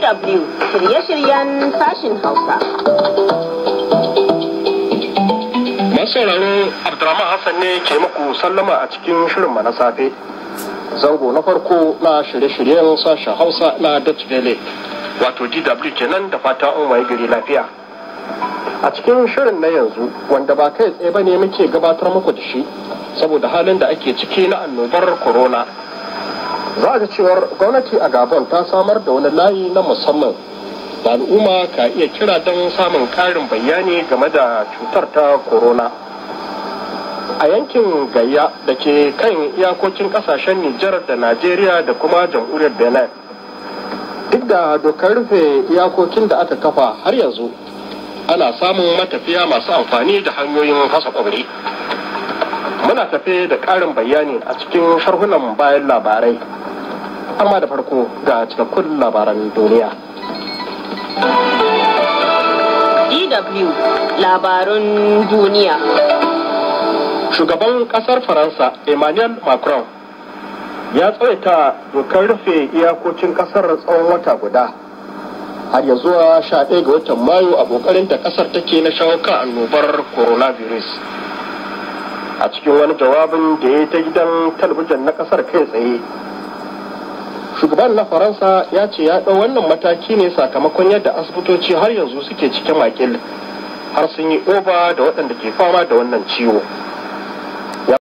DW shirye-shiryen sashin Hausa. sauraro Abdurrahman Hassan ne ke muku sallama a cikin shirin na safe. Zango na farko na shirye-shiryen sashen Hausa na Dutch Valley, wato DW kenan da fata an gari lafiya. A cikin shirin na yanzu wanda ba kai tsaye ba ne muke gabatar muku da shi saboda halin da ake ciki na annobar corona. za ga cewar gwamnati a gabon ta samar da wani layi na musamman da al'umma ka iya kira don samun karin bayani game da cutar ta corona a yankin gayya da ke kan iyakokin kasashen nijar da najeriya da kuma jamhuriyar benin duk da dokar rufe iyakokin da aka kafa har yanzu ana samun matafiya masu amfani da hanyoyin fasa kwabri muna tafe da ƙarin bayani a cikin sharhunan bayan labarai amma da farko ga cikakkun labaran duniya DW labaran duniya Shugaban kasar Faransa Emmanuel Macron ya tsawaita dokar rufe iyakocin kasar tsawon wata guda har ya zuwa sha ɗaya ga watan mayu a ƙoƙarin da ƙasar take na shawo kan annobar coronavirus a cikin wani jawabin da ya yi ta gidan talabijin na ƙasar kai tsaye shugaban na faransa ya ce ya ɗau wannan mataki ne sakamakon yadda asibitoci har yanzu suke cike makil har sun yi oba da waɗanda ke fama da wannan ciwo